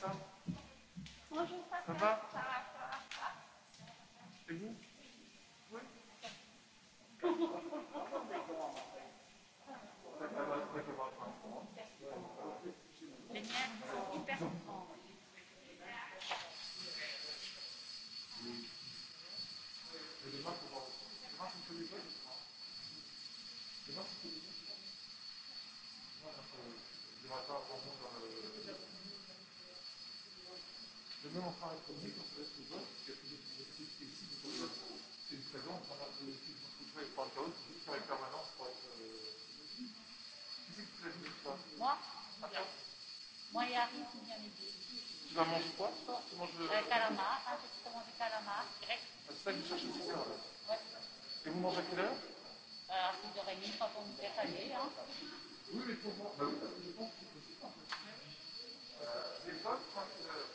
ça Bonjour, papa. Ça va c'est une saison pour le chaos, qui sur les pour être. Qui Moi Moi, il y a rien qui vient m'aider. Tu vas manger quoi toi Tu manges le. Et vous mangez à quelle heure euh, Oui, mais pour moi, c'est possible en euh,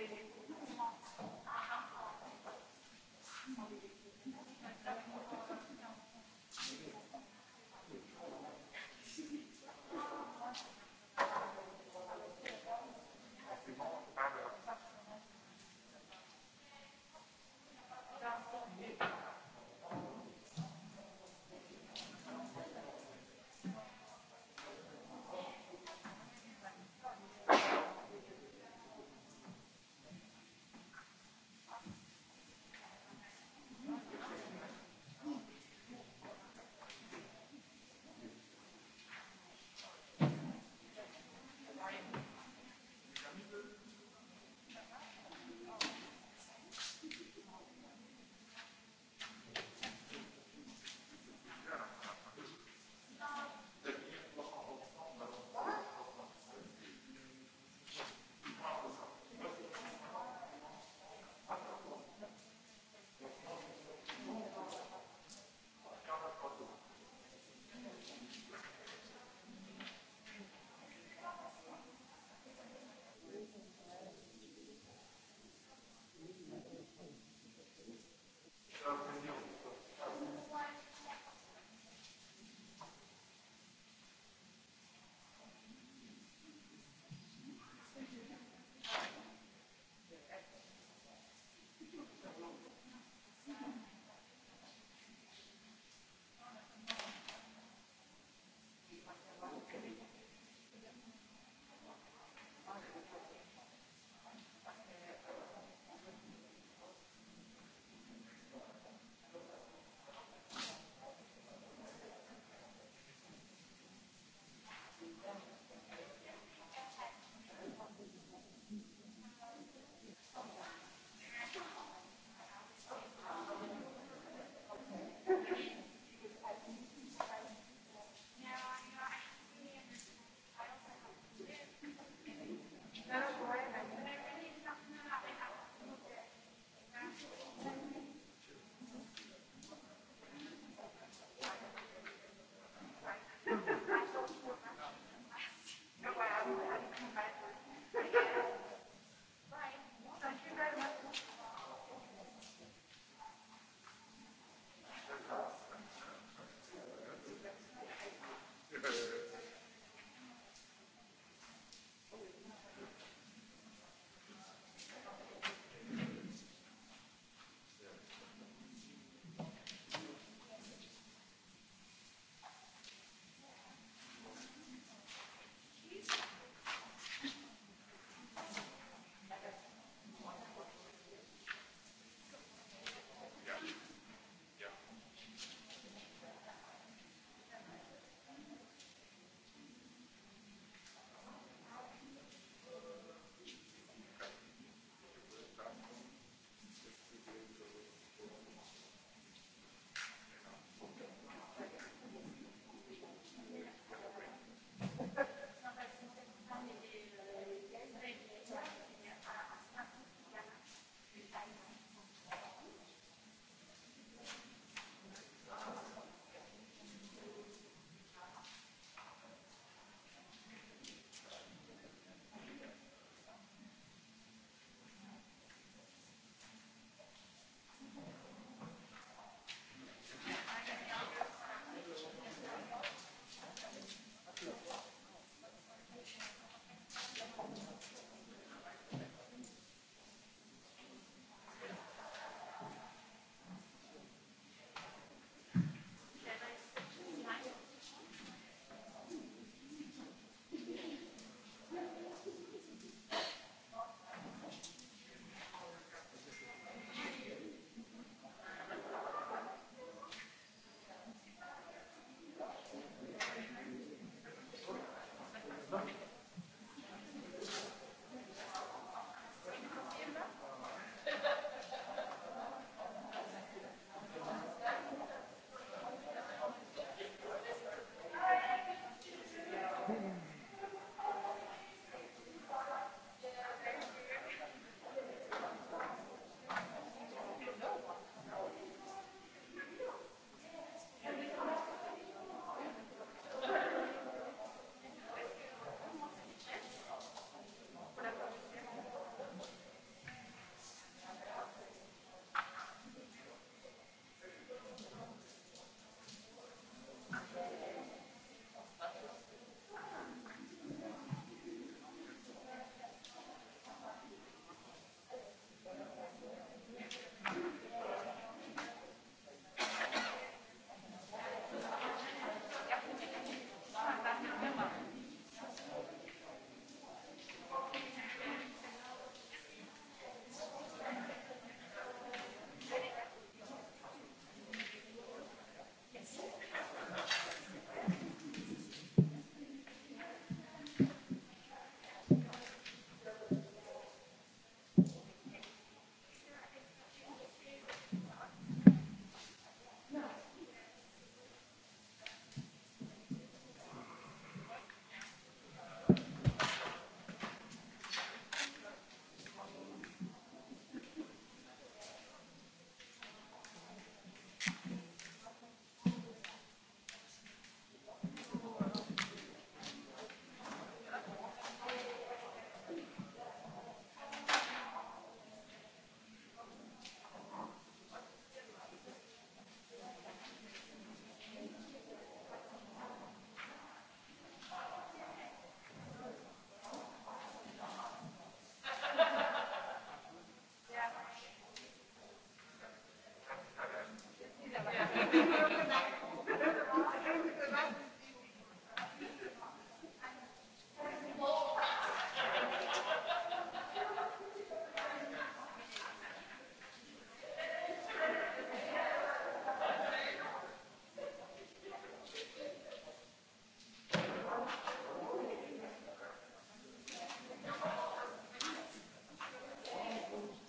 Thank you.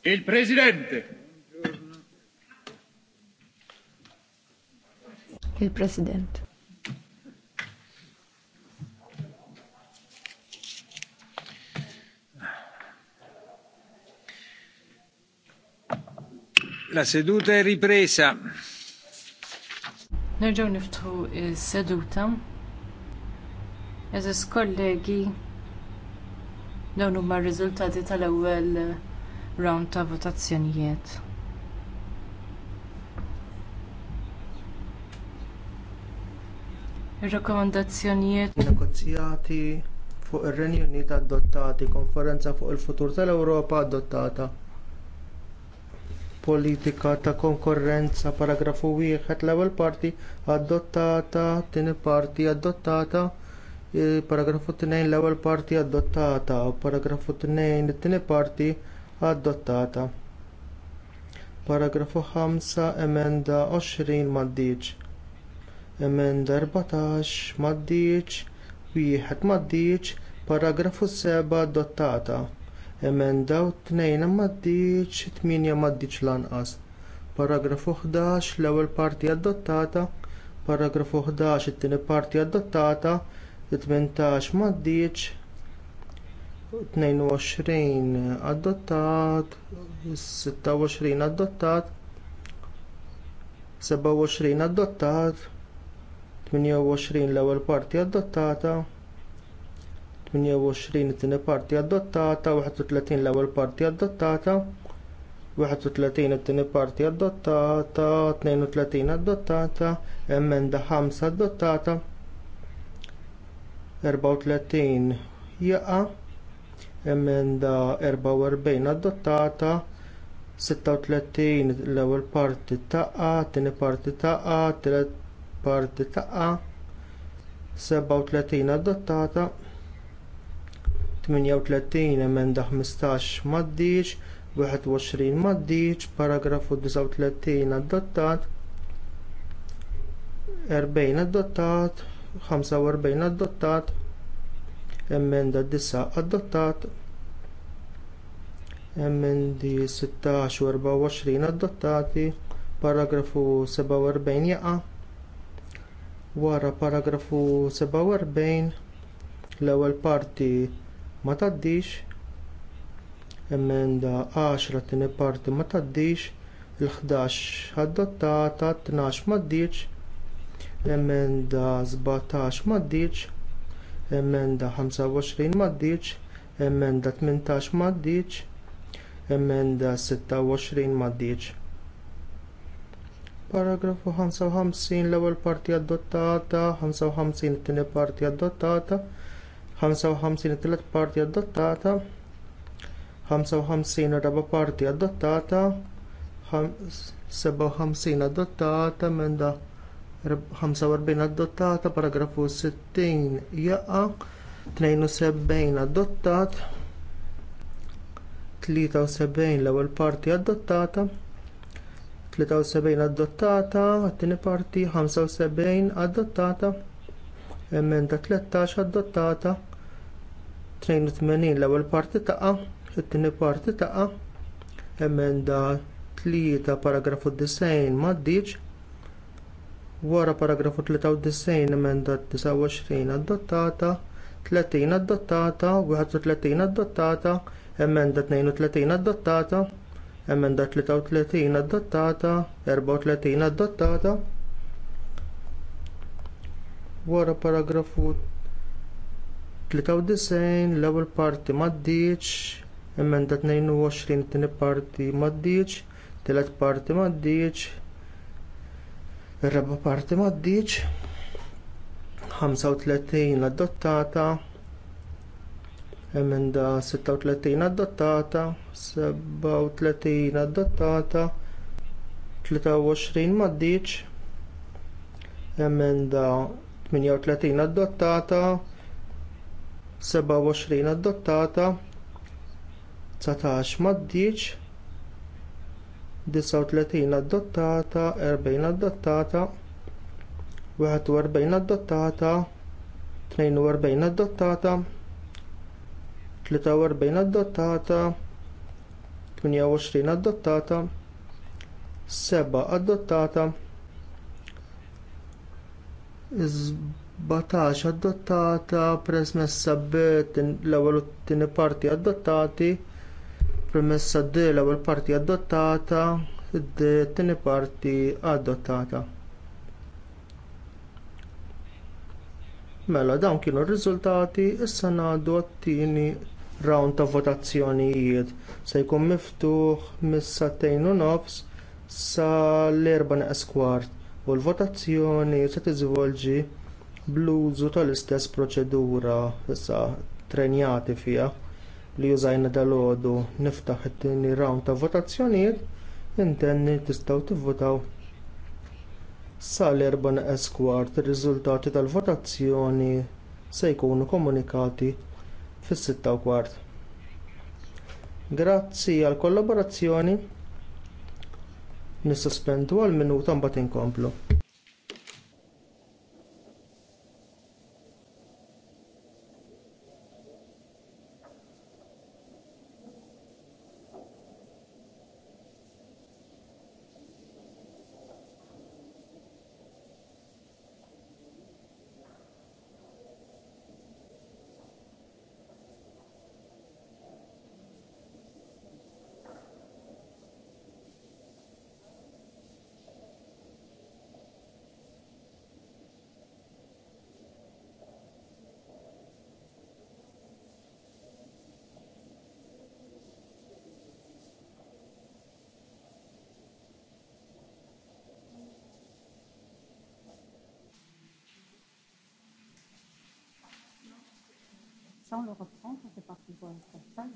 Il Presidente. Il Presidente. La seduta è ripresa. Nerġgħu niftħu s-seduta. Eżis kollegi, dawn huma r-riżultati tal-ewwel round ta' votazzjonijiet. Ir-rakkomandazzjonijiet negozjati fuq ir-Renju Unit adottati, konferenza fuq il-futur tal-Ewropa adottata. Politika ta' konkurrenza paragrafu wieħed l-ewwel parti adottata, tieni parti adottata, e, paragrafu tnejn l-ewwel parti adottata, paragrafu tnejn it-tieni parti adottata. Paragrafu 5, emenda 20 maddiċ. Emenda 14 maddiċ, wieħed maddiċ, paragrafu 7 adottata. Emenda 2 maddiċ, 8 maddiċ lanqas. Paragrafu 11, l-ewwel parti adottata paragrafu 11 it-tieni parti adottata, 18 maddiċ, 22 adottat, 26 adottat, 27 adottat, 28 l-ewwel parti adottata, 28 it-tieni parti adottata, 31 l-ewwel parti adottata, 31 it-tieni parti adottata, 32 adottata, emenda 5 adottata, 34 jaqa' emenda 44 adottata 36 l-ewwel parti taqa, tieni parti ta'qa, tielet parti ta'qa' 37 adottata 38 emenda 15 maddiċ, 21 maddiċ, paragrafu 39 adottat, 40 adottat, 45 adottat, emenda d-disa adottat, emendi 16 24 adottati, paragrafu 47 jaqa, wara paragrafu 47 l-ewwel parti ma taddix, emenda 10 tieni parti ma taddix, il-11 adottata, 12 ma ddiċ, emenda 17 ma ddiċ, emenda 25 maddiċ, emenda 18 maddiċ, emenda 26 maddiċ. Paragrafu 55 l-ewwel parti adottata, 55 it-tieni parti adottata, 55 it-tielet parti adottata, 55 ir-raba parti adottata, 57 adottata, emenda 45 adottata, paragrafu 60 jaqa, 72 adottat, 73 l-ewwel parti adottata, 73 adottata, għattini tieni parti 75 adottata, emenda 13 adottata, 82 l-ewwel parti taqa, għattini tieni parti taqa, emenda 3 paragrafu 90 maddiċ, Wara paragrafu 93 emenda 29 adottata, 30 adottata, 31 adottata, emenda 32 adottata, emenda 33 adottata, 34 adottata. Wara paragrafu 93 l-ewwel parti maddiċ, emenda 22 tieni parti maddiċ, tielet parti maddiċ, Ir-reba parti maddiċ, 35 adottata, emenda 36 adottata, 37 adottata, 23 maddiċ, emenda 38 adottata, 27 adottata, 19 maddiċ, 39 adottata, 40 adottata, 41 adottata, 42 adottata, 43 adottata, 28 adottata, 7 adottata, 17 adottata, presmessa b l-ewwel u t-tieni parti adottati, premessa d l-ewwel parti adottata, d-tieni parti adottata. Mela dawn kienu r-riżultati, issa ngħadu t-tieni round ta' votazzjonijiet se jkun miftuħ mis-sattejn u nofs l erba naqas kwart u l-votazzjoni se tiżvolġi bl-użu tal-istess proċedura issa trenjati fiha li jużajna dal-għodu niftaħ it-tieni round ta' votazzjonijiet intenni tistgħu tivvotaw sal-erba naqas kwart ir-riżultati tal-votazzjoni se jkunu komunikati fis-sitta u kwart. Grazzi għall kollaborazzjoni nissospendu għal minuta mbagħad inkomplu. sans le reprendre, c'est parti pour la salle.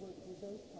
good work results.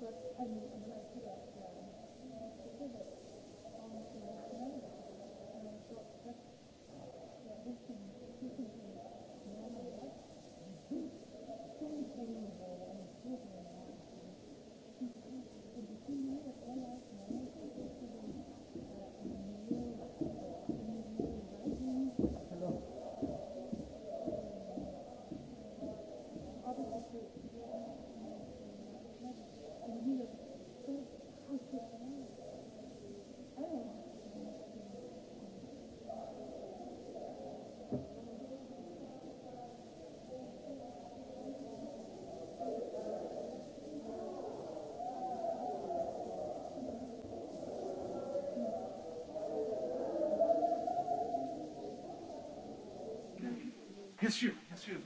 But I mean, I'm not sure. Yes, you. Yes, you.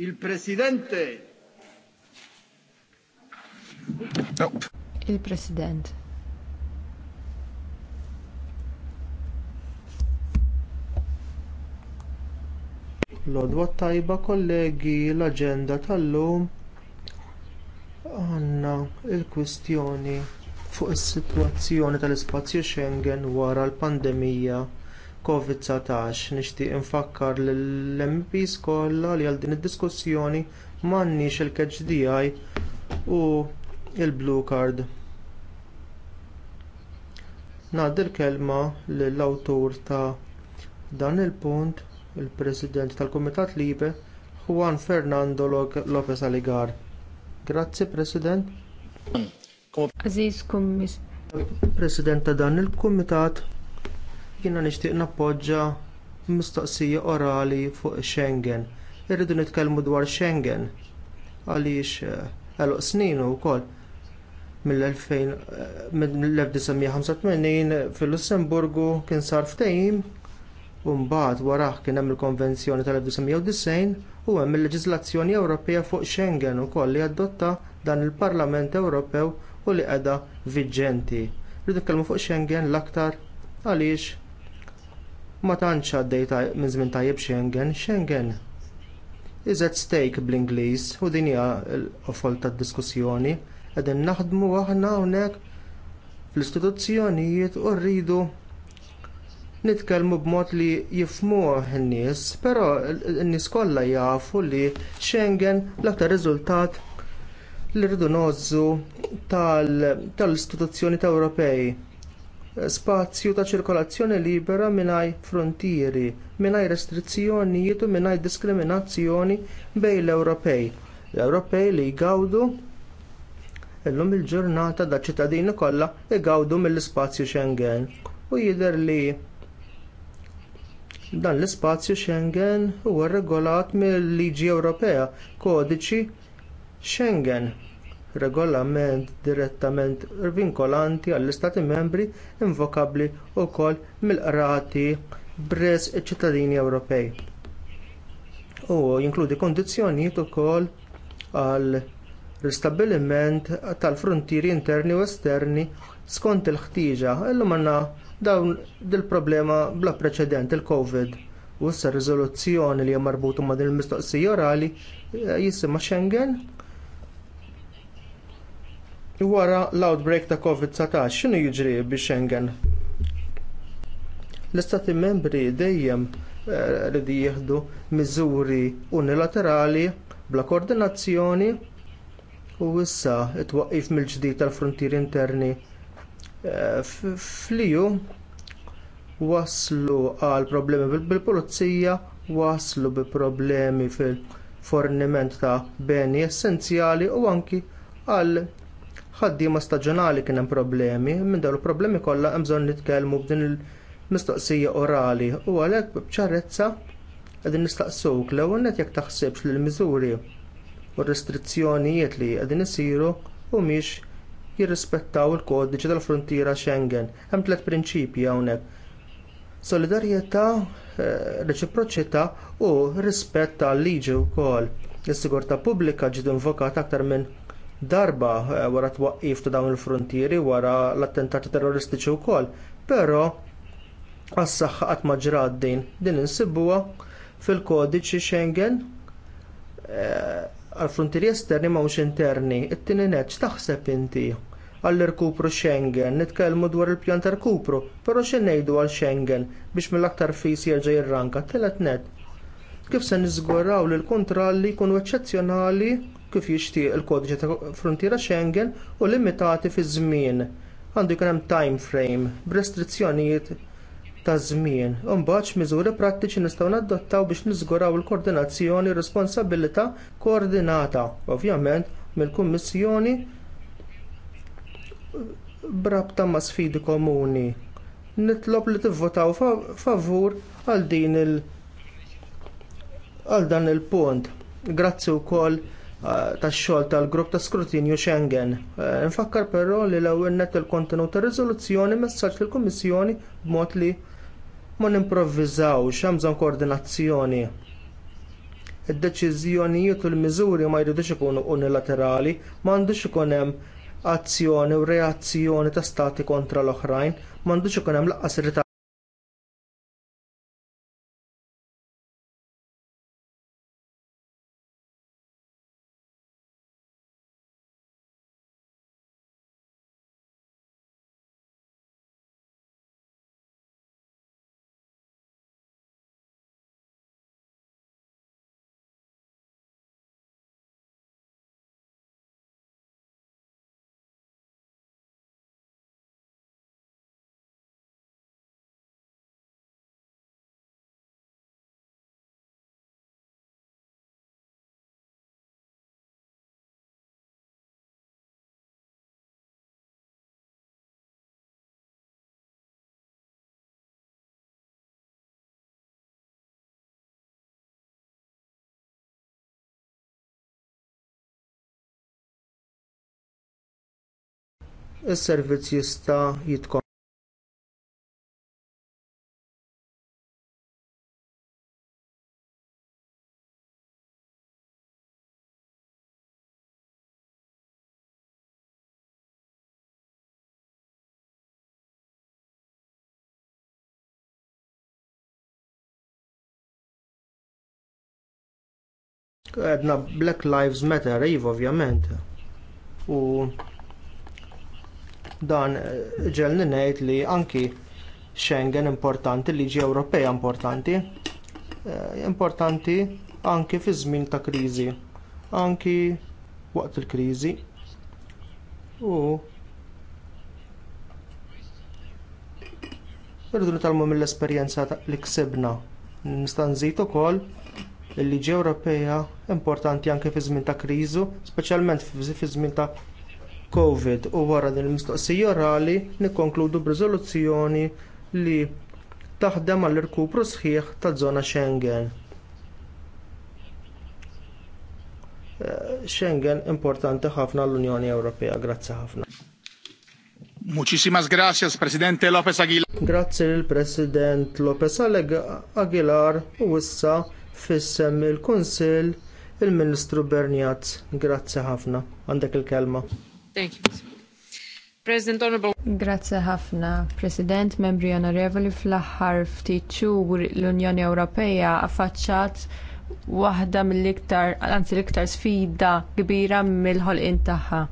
Il Presidente. Il President. L-odwa tajba kollegi l aġenda tal-lum għanna il kwistjoni fuq is-sitwazzjoni tal-ispazju Schengen wara l-pandemija COVID-19. Nixtieq infakkar lill mps kollha li għal din id-diskussjoni m'għandniex il-KHDI u l blue Card. Ngħaddi l-kelma lill-awtur ta' dan il-punt, il-President tal-Kumitat Libe, Juan Fernando López Aligar. Grazzi, President. Aziz Kummis. President ta' dan il-Kumitat Jiena nixtieq nappoġġa mistoqsija orali fuq Schengen. Irridu nitkellmu dwar Schengen għaliex eh, għaluq snin wkoll mill-1985 eh, fil-Lussemburgu kien sar ftehim u mbagħad warah kien hemm il-Konvenzjoni tal-1990 u hemm il-leġiżlazzjoni Ewropea fuq Schengen ukoll li adotta dan il-Parlament Ewropew u li qiegħda viġġenti. Rridu nitkellmu fuq Schengen l-aktar għaliex ma tantx għaddej minn żmien tajjeb Schengen, Schengen iżet stejk bl-Ingliż u din hija l ofol tad-diskussjoni qegħdin naħdmu aħna hawnhekk fl-istituzzjonijiet u rridu nitkellmu b'mod li jifhmuh in-nies, però n-nies kollha jafu li Schengen l-aktar riżultat li rridu nożżu tal-istituzzjoni tal Ewropej spazju ta' ċirkolazzjoni libera mingħajr frontieri, mingħajr restrizzjonijiet u mingħajr diskriminazzjoni bejn l-Ewropej. L-Ewropej li jgawdu illum il-ġurnata da' ċittadini kollha igawdu mill-ispazju Schengen u jidher li dan l-ispazju Schengen huwa regolat mill-liġi Ewropea, kodiċi Schengen regolament direttament vinkolanti għall-Istati membri invokabbli wkoll mill-qrati brez iċ-ċittadini Ewropej. U jinkludi kundizzjonijiet ukoll għal ristabiliment tal-frontieri interni u esterni skont il-ħtieġa illum għandna dawn dil-problema bla preċedent il-COVID u issa r riżoluzzjoni li hija marbuta ma' din il-mistoqsija orali eh, jisimha Schengen wara l-outbreak ta' COVID-19 x'inhu jiġri biex Schengen? L-istati membri dejjem eh, rridu jieħdu miżuri unilaterali bla koordinazzjoni u issa t twaqqif mill-ġdid tal-frontieri interni eh, fliju waslu għal problemi bil-pulizija, waslu bi problemi fil-forniment ta' beni essenzjali u anki għal ħaddiema staġjonali kien hemm problemi, minn dawn il-problemi kollha hemm bżonn nitkellmu b'din il-mistoqsija orali u għalhekk b'ċarezza qegħdin nistaqsuk l-ewwel jekk taħsibx li l-miżuri u r-restrizzjonijiet li qegħdin isiru humiex jirrispettaw il-kodiċi tal-frontiera Schengen. Hemm tliet prinċipji hawnhekk. Solidarjetà, eh, reċiproċità u rispett tal-liġi wkoll. Is-sigurtà pubblika ġiet invokata aktar minn darba eh, wara twaqqif ta' dawn il-frontieri wara l-attentati terroristiċi wkoll, però għas-saħħa qatt ma ġra din din insibuha fil-kodiċi Schengen eh, għall frontieri esterni mawx interni. It-tieni neċ taħseb inti għall-irkupru Schengen, nitkellmu dwar il-pjan ta' rkupru, però xi ngħidu għal Schengen biex mill-aktar fis jerġa' jirranka telet net. Kif se niżguraw li l-kontrolli jkunu eċċezzjonali kif jixtieq il-kodiċi ta' frontiera Schengen u limitati fi żmien. Għandu jkun hemm time frame b'restrizzjonijiet ta' żmien. Imbagħad miżuri prattiċi nistgħu nadottaw biex niżguraw il-koordinazzjoni u responsabilità koordinata, ovvjament mill-Kummissjoni brabta ma' sfidi komuni. Nitlob li tivvotaw favur għal din il- għal dan il-punt. Grazzi wkoll Eh, tax-xogħol tal-grupp ta' skrutinju Schengen. Infakkar eh, però li l-ewwel net il-kontenut tar-riżoluzzjoni messaġġ fil kummissjoni b'mod li ma nimprovviżawx hemm bżonn koordinazzjoni id-deċiżjonijiet u l-miżuri ma jridux ikunu unilaterali, m'għandux ikun hemm azzjoni u reazzjoni ta' stati kontra l-oħrajn, m'għandux ikun hemm laqqas is-servizz jista' jitkom. għedna Black Lives Matter, jiv ovvjament. U dan eh, ġelni ngħid li anki Schengen importanti, liġi Ewropea importanti, eh, importanti anki fi żmien ta' kriżi, anki waqt il-kriżi. U Irridu nitalmu mill-esperjenza li ksibna. Nista' nżid ukoll il-liġi Ewropea importanti anke fi żmien ta' kriżu, speċjalment fi żmien ta' COVID u wara din il-mistoqsija orali nikkonkludu b'riżoluzzjoni li taħdem għall irkupru sħiħ taż-żona Schengen. Eh, Schengen importanti ħafna l-Unjoni Ewropea. Grazzi ħafna. Muchísimas gracias, Presidente López Aguilar. Grazzi l-President López Aguilar u issa fissem il-Kunsil il-Ministru Bernjaz. Grazzi ħafna. Għandek il-kelma. Thank you. President Honorable. Grazie ħafna, President, membri onorevoli fl-aħħar ftit xhur l-Unjoni Ewropea affaċċat waħda mill-iktar, anzi l-iktar sfida kbira mill-ħolqien tagħha.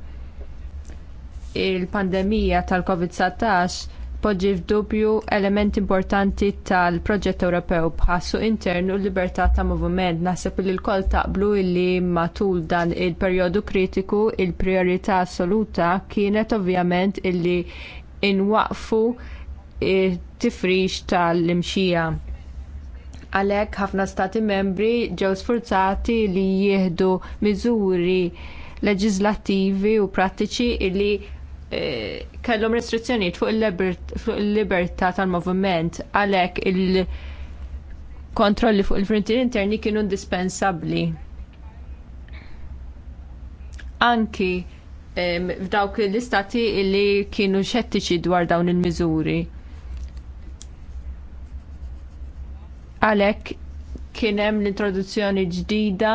Il-pandemija tal-COVID-19 poġġi f'dubju element importanti tal-proġett Ewropew bħassu internu l-libertà ta' moviment. Naħseb li l taqblu li matul dan il-perjodu kritiku il-priorità assoluta kienet ovvjament illi inwaqfu tifrix tal-imxija. Għalhekk ħafna stati membri ġew sfurzati li jieħdu miżuri leġislattivi u prattiċi li Eh, kellhom restrizzjonijiet fuq il-libertà tal movement għalhekk il-kontrolli fuq il-frontier interni kienu indispensabbli. Anki f'dawk l-istati li kienu xettiċi dwar dawn il-miżuri. Għalhekk kien hemm l-introduzzjoni ġdida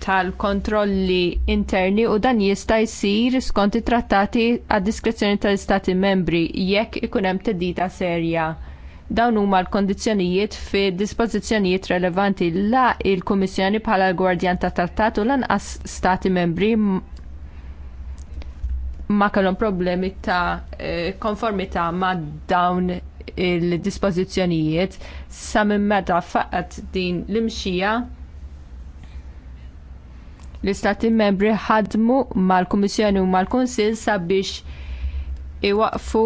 tal-kontrolli interni u dan jista' jsir skont it-trattati għad diskrezzjoni tal-Istati membri jekk ikun hemm tedita serja. Dawn huma l-kondizzjonijiet fi dispożizzjonijiet relevanti la il-Kummissjoni bħala l-Gwardjan tat Trattat u lanqas Stati membri ma kellhom problemi ta' eh, konformità ma' dawn il-dispożizzjonijiet sa minn meta faqat din l-imxija L-Istati membri ħadmu mal-Kummissjoni u mal-Kunsill sabiex iwaqfu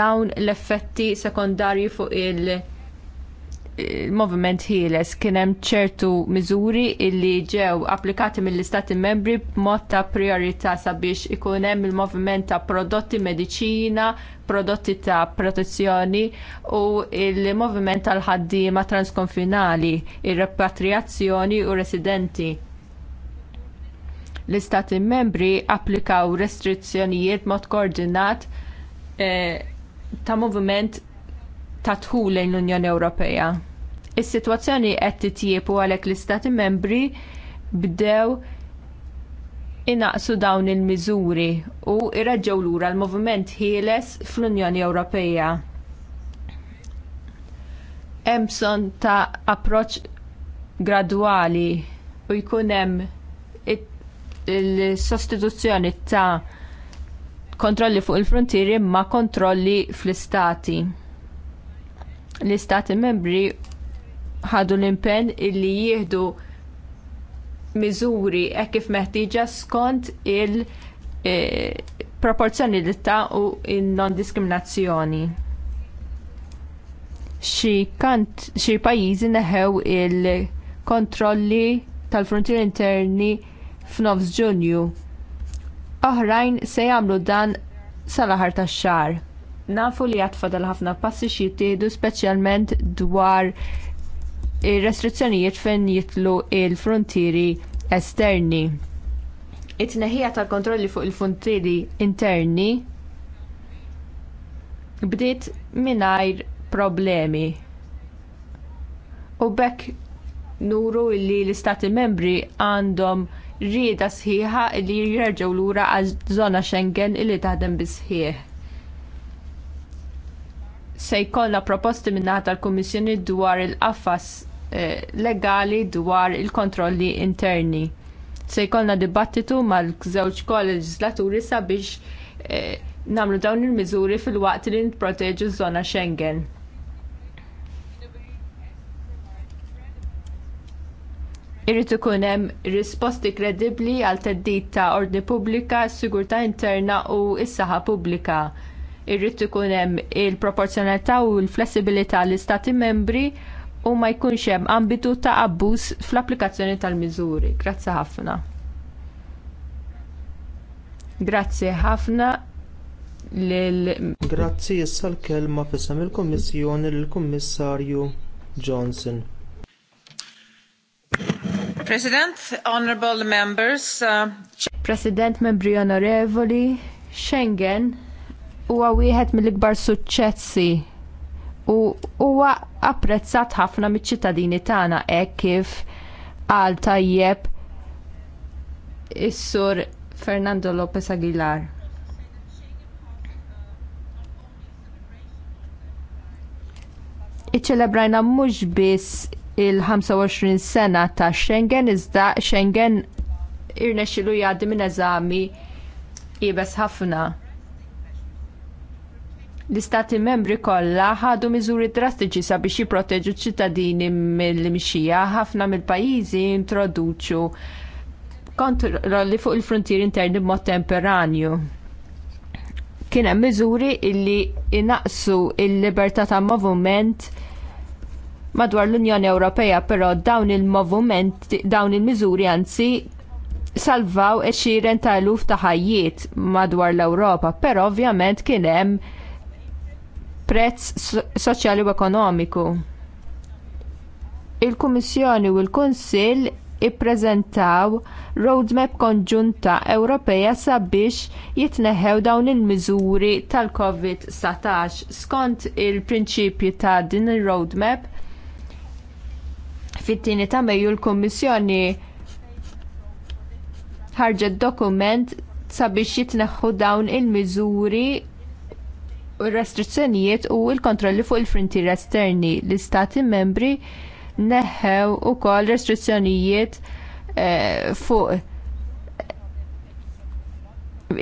dawn l-effetti sekondarji fuq il- il-moviment ħieles kien hemm ċertu miżuri illi ġew applikati mill-istati membri b'mod ta' priorità sabiex ikun hemm il-moviment ta' prodotti mediċina, prodotti ta' protezzjoni u il-moviment tal-ħaddiema transkonfinali, ir-repatriazzjoni u residenti. L-istati membri applikaw restrizzjonijiet mod koordinat eh, ta' moviment ta' tħul lejn l-Unjoni Ewropea. Is-sitwazzjoni qed u għalhekk l-Istati membri bdew inaqsu dawn il-miżuri u irraġġew lura l-moviment ħieles fl-Unjoni Ewropea. Hemm bżonn ta' approċċ gradwali u jkun hemm il-sostituzzjoni ta' kontrolli fuq il-frontieri ma' kontrolli fl-istati l-istati membri ħadu l-impenn illi jieħdu miżuri hekk kif meħtieġa skont il-proporzjonalità e, u il-non-diskriminazzjoni xi kant xi pajjiżi neħew il-kontrolli tal-frontier interni f'nofs Ġunju. Oħrajn se jagħmlu dan sal-aħar tax-xahar nafu li għatfadal ħafna passi xittiedu speċjalment dwar ir-restrizzjonijiet fejn jitlu il-frontieri esterni. It-neħija tal kontrolli fuq il-frontieri interni bdiet mingħajr problemi. U bekk nuru li l-istati membri għandhom rieda sħiħa li jirġgħu lura għaż żona Schengen li taħdem bisħieħ se jkollna proposti minnaħat tal-Kummissjoni dwar il-qafas eh, legali dwar il-kontrolli interni. Se jkollna dibattitu mal-żewġ kol-leġislaturi sabiex eh, nagħmlu dawn il-miżuri fil-waqt li nipproteġu ż-żona Schengen. Irid ikun hemm risposti kredibbli għal theddid ta' ordni pubblika, s-sigurtà interna u s-saħħa pubblika irrid ikun hemm il-proporzjonalità u l-flessibilità l-istati membri u ma jkunx hemm ambitu ta' abbuż fl-applikazzjoni tal-miżuri. Grazzi ħafna. Grazzi ħafna lil Grazzi issa l-kelma fisem il-Kummissjoni lill-Kummissarju Johnson. President, honorable members, uh... President, membri onorevoli, Schengen huwa wieħed mill-ikbar suċċessi u huwa apprezzat ħafna miċ-ċittadini tagħna hekk kif qal tajjeb is-sur Fernando Lopez Aguilar. Iċċelebrajna mhux biss il-25 sena ta' Schengen iżda Schengen irnexxilu jgħaddi minn eżami ibes ħafna l-istati membri kollha ħadu miżuri drastiċi sabiex jipproteġu ċ-ċittadini mill-mixija, ħafna mill-pajjiżi introduċu kontrolli fuq il-frontier interni b'mod temperanju. Kien hemm miżuri li inaqsu il-libertà ta' movement madwar l-Unjoni Ewropea, però dawn il-moviment, dawn il-miżuri anzi salvaw eċiren ta' eluf ta' ħajjiet madwar l-Ewropa, però ovvjament kien hemm prezz soċjali u ekonomiku. Il-Kummissjoni u l-Kunsill ippreżentaw roadmap konġunta Ewropea sabiex jitneħħew dawn il-miżuri tal-COVID-19 skont il-prinċipji ta' din ir-roadmap fit-tieni ta' Mejju l-Kummissjoni ħarġet dokument sabiex jitneħħu dawn il-miżuri U restrizzjonijiet u l-kontrolli fuq il-frontier esterni. L-istati membri neħew ukoll restrizzjonijiet eh, fuq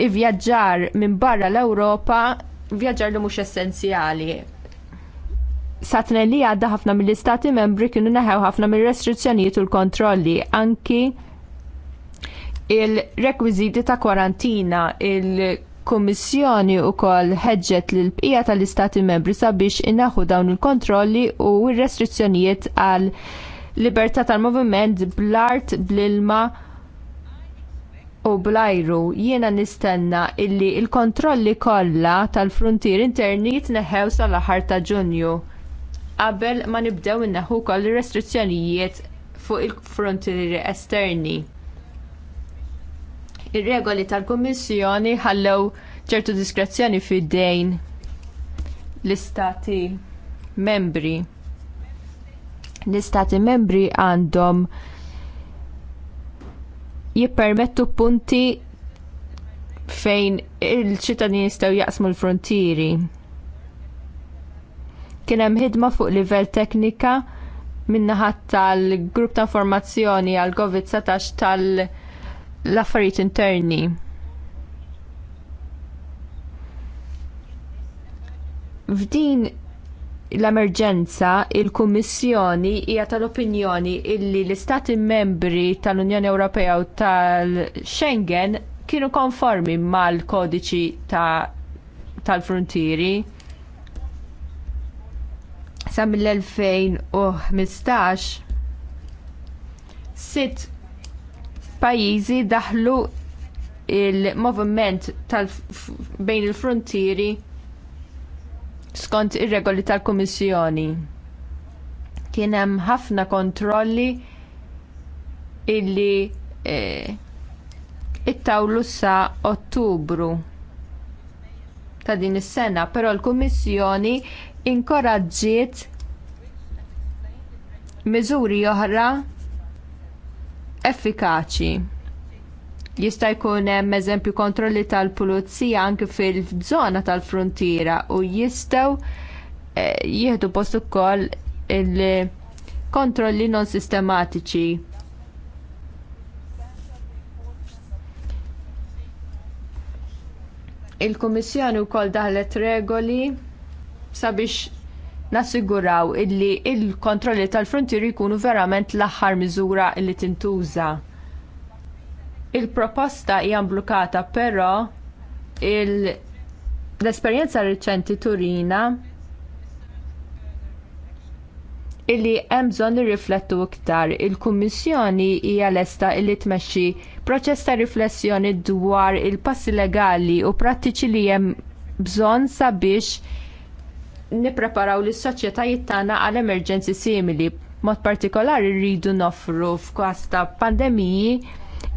ivvjaġġar minn barra l-Ewropa vjaġġar li mhux essenzjali. Satna li għadda ħafna mill-istati membri kienu neħew ħafna mill-restrizzjonijiet u l-kontrolli anki il-rekwiziti ta' kwarantina, il il-Kummissjoni wkoll ħeġġet lil bqija tal-Istati Membri sabiex inaħu dawn il-kontrolli u r-restrizzjonijiet għal libertà tal-moviment bl-art, bl-ilma u bl-ajru. Jiena nistenna illi l il kontrolli kollha tal-frontier interni jitneħew sal-aħħar ta' Ġunju qabel ma nibdew inneħu wkoll ir restrizzjonijiet fuq il-frontieri esterni. Ir-regoli tal-Kummissjoni ħallew ċertu diskrezzjoni fid-dejn l-istati membri. L-istati membri għandhom jippermettu punti fejn il-ċittadini jistgħu jaqsmu l-frontieri. Kien hemm ħidma fuq livell teknika minnaħat tal-grupp ta' informazzjoni għal COVID-19 tal- l-affarijiet interni. F'din l-emerġenza il-Kummissjoni hija tal-opinjoni illi l-Istati membri tal-Unjoni Ewropea u tal-Schengen kienu konformi mal-kodiċi tal-frontieri. Sa mill-2015 sitt pajjiżi daħlu il-moviment bejn il-frontieri skont ir-regoli tal-Kummissjoni. Kien hemm ħafna kontrolli illi eh, it-tawlu sa Ottubru ta' din is-sena, però l-Kummissjoni inkoraġġiet miżuri oħra effikaċi. Jista' jkun hemm eżempju kontrolli tal-pulizija anke fil-żona tal-frontiera u jistgħu eh, jieħdu post ukoll il-kontrolli non sistematiċi. Il-Kummissjoni wkoll daħlet regoli sabiex nassiguraw illi l kontrolli tal-frontieri jkunu verament l-aħħar miżura li tintuża. Il-proposta hija mblukata però l-esperjenza riċenti turina illi hemm bżonn nirriflettu iktar. Il-Kummissjoni hija lesta illi tmexxi proċess ta' riflessjoni dwar il-passi legali u prattiċi li hemm bżonn sabiex nippreparaw lis soċjetajiet tagħna għal emerġenzi simili. Mod partikolari rridu noffru f'kas ta' pandemiji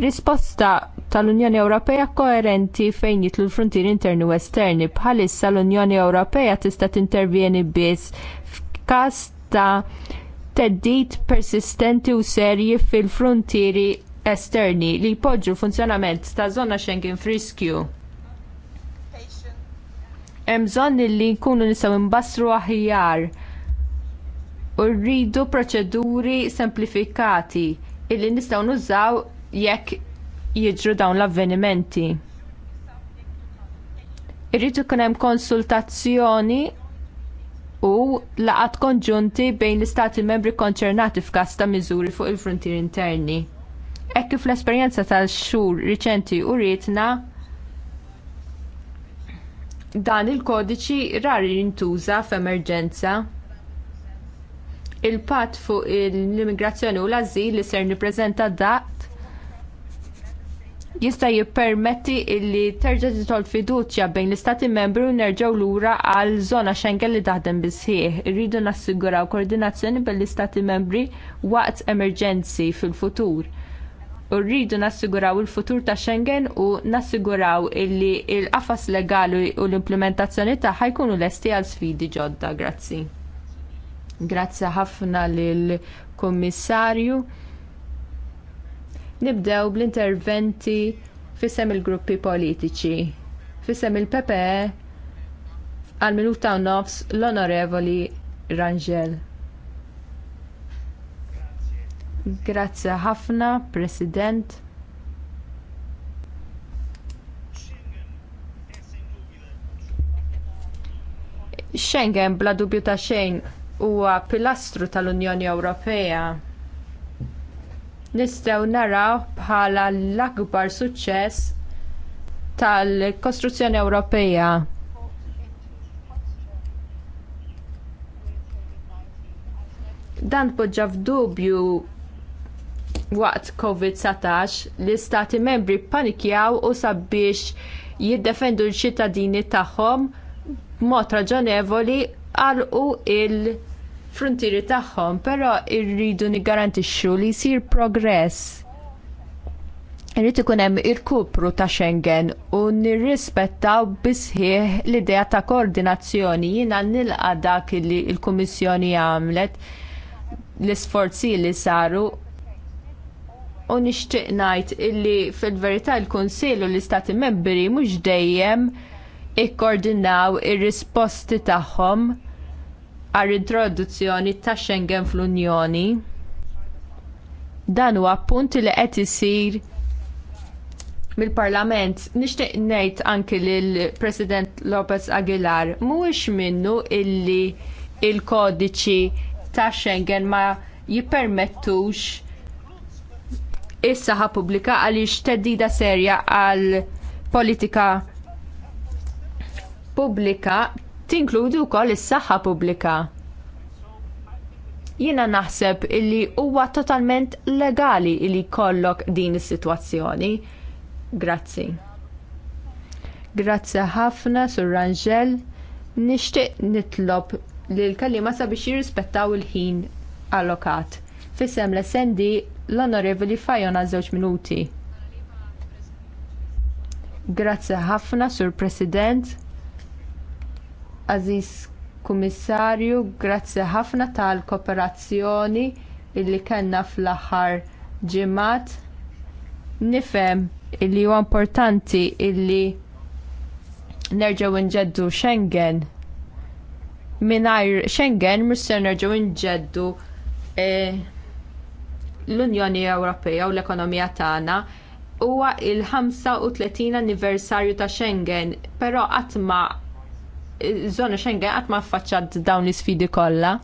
risposta tal-Unjoni Ewropea koerenti fejn jitlu l-frontieri interni u esterni. Bħalissa l-Unjoni Ewropea tista' tintervjeni biss f'każ ta' theddid persistenti u serji fil-frontieri esterni li jpoġġu l-funzjonament ta' żona Schengen friskju hemm bżonn illi nkunu nistgħu nbassru aħjar u rridu proċeduri semplifikati illi nistgħu nużaw jekk jiġru dawn l-avvenimenti. Irridu kien hemm konsultazzjoni u laqat konġunti bejn l-istati membri konċernati f'każ ta' miżuri fuq il-frontier interni. Hekk kif l-esperjenza tal-xhur riċenti u dan il-kodiċi rari jintuża f'emerġenza. Il-pat fuq l-immigrazzjoni u l-azil li ser nippreżenta dat jista' jippermetti li terġa' titol fiduċja bejn l-Istati membri u nerġgħu lura għal żona Schengen li taħdem bisħieħ. Irridu nassiguraw koordinazzjoni bejn l-Istati membri waqt emerġenzi fil-futur u rridu nassiguraw il-futur ta' Schengen u nassiguraw illi il-qafas legali u l-implementazzjoni tagħha jkunu lesti għal sfidi ġodda. Grazzi. Grazzi ħafna lill kummissarju Nibdew bl-interventi fissem il-gruppi politiċi. Fissem il-PPE għal minuta u nofs l-onorevoli Rangel. Grazzi ħafna, President. Schengen bla dubju ta' xejn huwa pilastru tal-Unjoni Ewropea. Nistgħu naraw bħala l-akbar suċċess tal-kostruzzjoni Ewropea. Dan poġġa f'dubju waqt COVID-19 l-istati membri panikjaw u sabiex jiddefendu l-ċittadini tagħhom b'mod raġonevoli għalqu l frontieri tagħhom, però rridu niggarantixxu li jsir progress. Irrid ikun hemm il-kupru ta' Schengen u nirrispettaw bisħieħ l-idea ta' koordinazzjoni jiena nilqa dak li l-Kummissjoni għamlet l-isforzi li saru u nixtieq ngħid illi fil-verità l-Kunsill u l-Istati Membri mhux dejjem ikkoordinaw ir-risposti tagħhom għall introduzzjoni ta' Schengen fl-Unjoni. Dan huwa punt li qed isir mill-Parlament. Nixtieq ngħid anki lill President Lopez Aguilar mhuwiex minnu illi il-kodiċi ta' Schengen ma jippermettux is-saħħa pubblika għaliex teddida serja għal politika pubblika tinkludi wkoll is-saħħa pubblika. Jiena naħseb illi huwa totalment legali li jkollok din is-sitwazzjoni. Grazzi. Grazzi ħafna sur Rangel. Nixtieq nitlob l kalima sabiex jirrispettaw il-ħin allokat. Fisem l-essendi l-onorevoli fajon għal żewġ minuti. Grazzi ħafna, Sur President, Aziz Kummissarju, grazzi ħafna tal-kooperazzjoni illi kellna fl-aħħar ġimat. Nifhem illi huwa importanti illi nerġgħu nġeddu Schengen Minajr Schengen mhux se nġeddu eh, l-Unjoni Ewropea u l-ekonomija tagħna huwa l 35 anniversarju ta' Schengen, però qatt ma żona Schengen qatt ma affaċċat dawn l-isfidi kollha.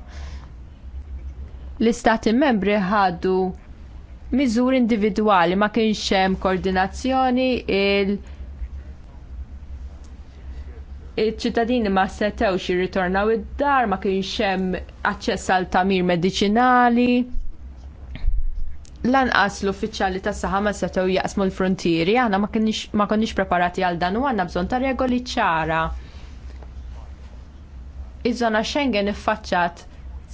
L-istati membri ħadu miżuri individwali ma kienx hemm koordinazzjoni il- iċ-ċittadini ma setewx jirritornaw id-dar, ma kienx hemm aċċess għal tamir mediċinali lanqas l-uffiċjali tas saħħa ma setgħu jaqsmu l-frontieri, aħna ma konniex preparati għal dan u għandna bżonn ta' regoli ċara. Iż-żona Schengen iffaċċat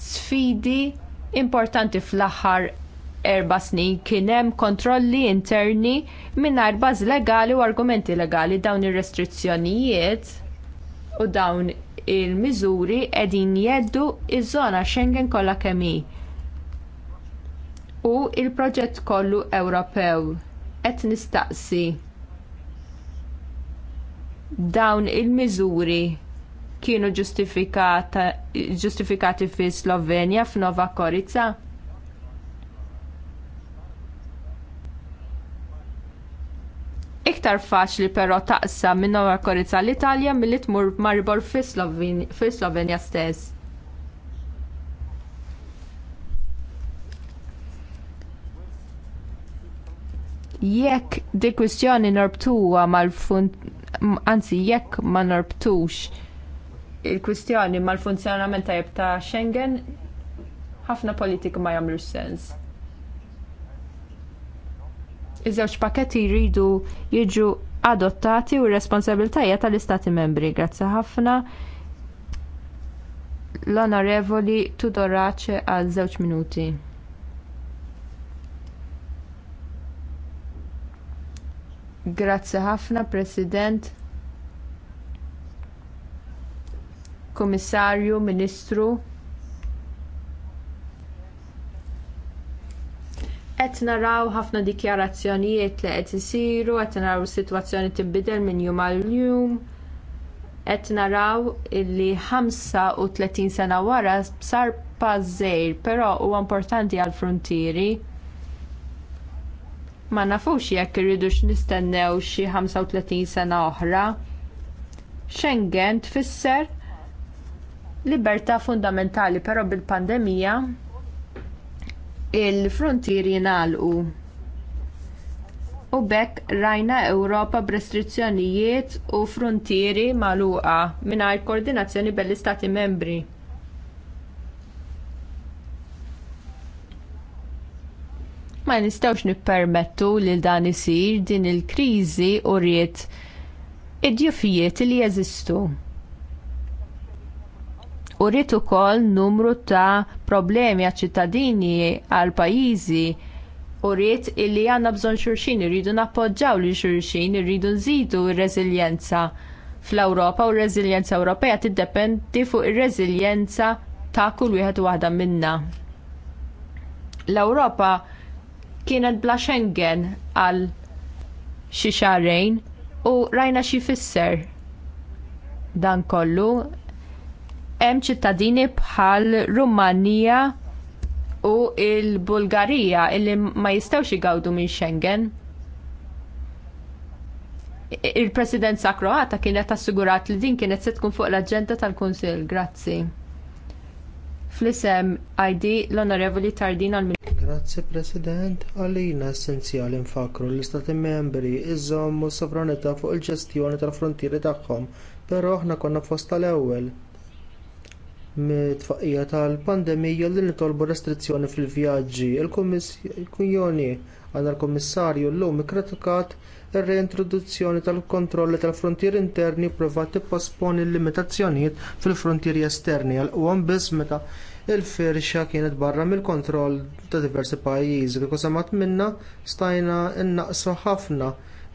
sfidi importanti fl-aħħar erba' snin kien hemm kontrolli interni mingħajr baż legali u argumenti legali dawn ir-restrizzjonijiet u dawn il-miżuri qegħdin jeddu iż-żona Schengen kollha kemm hi u l proġett kollu Ewropew. Qed nistaqsi dawn il-miżuri kienu ġustifikati fi Slovenja f'Nova Korica? Iktar faċli però taqsam minn Nova Korica l-Italja milli tmur maribor fi Slovenja stess. jekk di kwistjoni norbtuha mal-fund anzi jekk ma norbtux il-kwistjoni mal-funzjonament tajjeb ta' Schengen ħafna politika ma jagħmlu sens. Iż-żewġ pakketti jridu jiġu adottati u r responsabiltajja tal-Istati membri. Grazzi ħafna. L-Onorevoli Tudorace għal żewġ minuti. Grazzi ħafna, President. Komissarju, Ministru. Qed naraw ħafna dikjarazzjonijiet li qed isiru, qed naraw is-sitwazzjoni tibbidel minn jum għal jum. Qed naraw illi 35 sena wara sar pażżejr, però huwa importanti għall-fruntieri ma nafux jekk irridux nistennew xi 35 sena oħra. Schengen tfisser libertà fundamentali, però bil-pandemija il-frontieri jingħalqu. U bekk rajna Ewropa b'restrizzjonijiet u frontieri magħluqa mingħajr koordinazzjoni bell-istati membri. ma nistgħux nippermettu li dan isir din il-kriżi u id-djufijiet li jeżistu. U rrit ukoll numru ta' problemi għal ċittadini għal pajjiżi u rrit illi għandna bżonn xulxin irridu nappoġġaw lil xulxin, irridu nżidu r-reżiljenza fl-Ewropa u r-reżiljenza Ewropea tiddependi fuq ir-reżiljenza ta' kull wieħed waħda minna. L-Ewropa kienet bla Schengen għal xi xarejn u rajna xi fisser dan kollu hemm ċittadini bħal Rumanija u l bulgarija illi ma jistgħux jgawdu minn Schengen. Il-presidenza Kroata kienet assigurat li din kienet se tkun fuq l-aġenda tal-Kunsill. Grazzi fl-isem ID l-Onorevoli Tardina għal Grazzi President, għalina essenzjali nfakru l-Istati membri iżommu s sovranità fuq il-ġestjoni tal-frontieri tagħhom, però aħna konna fost tal-ewwel. Mit-tfaqija tal-pandemija li nitolbu restrizzjoni fil-vjaġġi, il-Kummissjoni għandha l-Kummissarju llum ikkritikat ir-reintroduzzjoni tal-kontrolli tal frontieri interni pprova tipposponi l-limitazzjonijiet fil-frontieri esterni għal biss meta l firxa kienet barra mill-kontroll ta' diversi pajjiżi kif samat minnha stajna innaqsu ħafna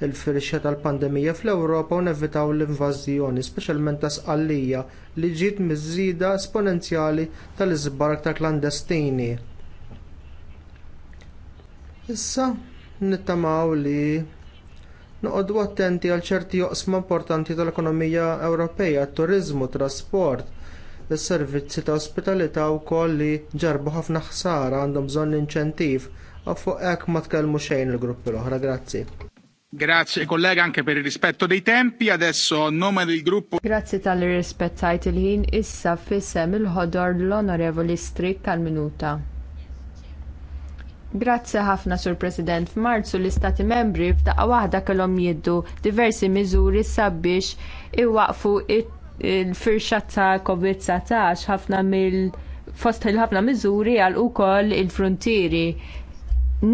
l firxa tal-pandemija fl-Ewropa u nevitaw l-invażjoni, speċjalment ta' sqallija li ġiet miżida esponenzjali tal-iżbark ta' klandestini. Issa, nittamaw li noqogħdu attenti għal ċerti joqsma importanti tal-ekonomija Ewropea, t-turiżmu, trasport, is-servizzi ta' ospitalità wkoll li ġarbu ħafna ħsara għandhom bżonn inċentiv u fuq hekk ma tkellmu xejn il-gruppi l-oħra. Grazzi. Grazie kollega anke per il rispetto dei tempi. Adesso a nome del gruppo Grazie tal-rispettajt il-ħin issa fissem il-ħodor l-onorevoli Strik għal minuta. Grazzi ħafna, Sur President. F'Marzu l-Istati membri f'daqqa waħda kellhom jiddu diversi miżuri sabiex iwaqfu il-firxa ta' COVID-19 ħafna mill fost il-ħafna miżuri għal ukoll il-frontieri.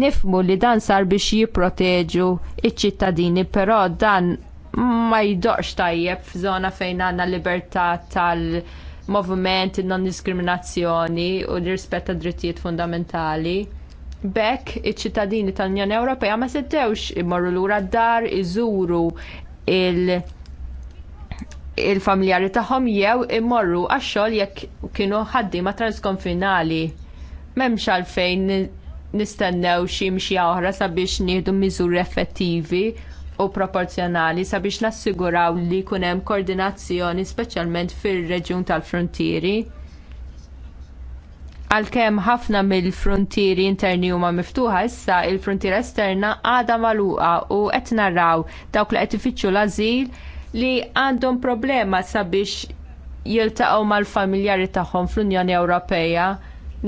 Nifmu li dan sar biex jipproteġu iċ-ċittadini, però dan ma jidoqx tajjeb f'żona fejn għandna libertà tal- moviment, non-diskriminazzjoni u l-rispetta drittijiet fundamentali Bekk iċ-ċittadini tal-Unjoni Ewropea ma settewx imorru lura d-dar iżuru il- il-familjari tagħhom jew immorru għax-xogħol jekk kienu ħaddiema transkonfinali. M'hemmx għalfejn nistennew xi mxija oħra sabiex nieħdu miżuri effettivi u proporzjonali sabiex nassiguraw li jkun hemm koordinazzjoni speċjalment fir-reġjun tal-frontieri għalkemm ħafna mill-frontieri interni huma miftuħa issa il-frontiera esterna għadha magħluqa u qed naraw dawk li qed ifittxu l-ażil li għandhom problema sabiex jiltaqgħu mal-familjari tagħhom fl-Unjoni Ewropea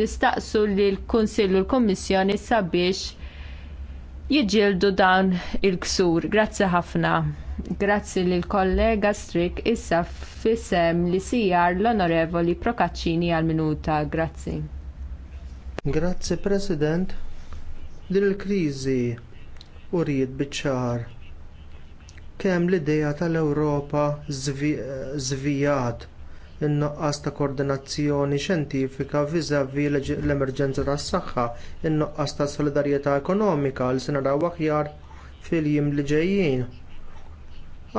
nistaqsu lill kunsill u l-Kummissjoni sabiex jiġġieldu dawn il-ksur. Grazzi ħafna. Grazzi lill kollega Strick issa fissem li sijar l-onorevoli Procaccini għal minuta. Grazzi. Grazzi President. Din il-kriżi urijiet biċ-ċar kemm l-idea tal-Ewropa żvijat in-nuqqas ta' koordinazzjoni xjentifika viżavi l-emerġenza tas-saħħa, in-nuqqas ta' solidarjetà ekonomika li se naraw aħjar fil-jiem li ġejjin.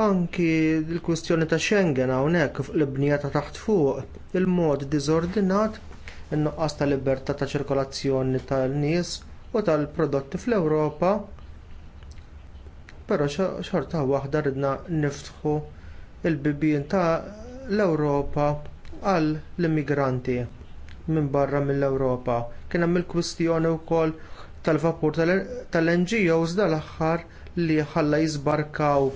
Anki l-kwistjoni ta' Schengen hawnhekk l-bnija ta' taħt fuq il-mod diżordinat in-nuqqas ta' libertà ta' ċirkolazzjoni tan-nies u tal-prodotti fl-Ewropa. Però xorta waħda ridna niftħu l bibien ta' l-Ewropa għall immigranti minn barra mill-Ewropa. Kien hemm il-kwistjoni wkoll tal-vapur tal-NGOs dal-aħħar li ħalla jisbarkaw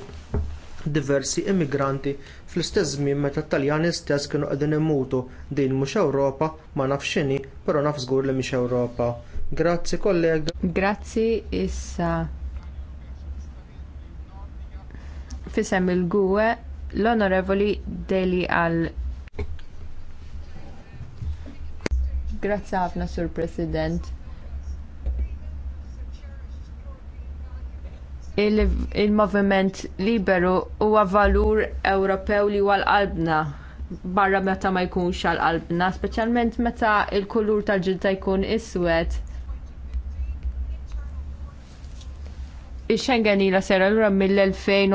diversi immigranti fl-istess żmien meta t-Taljani stess kienu qegħdin imutu din mhux Ewropa ma nafx x'inhi, però naf żgur li mhix Ewropa. Grazzi kollega. Grazzi issa. Fisem il-gwe l-Onorevoli Deli għal Grazzi ħafna, Sur President. il-moviment il liberu huwa valur Ewropew li huwa l-qalbna barra meta ma jkunx għal qalbna, speċjalment meta l kulur tal-ġilda jkun iswed. Ix-Schengen ila sera l mill-2000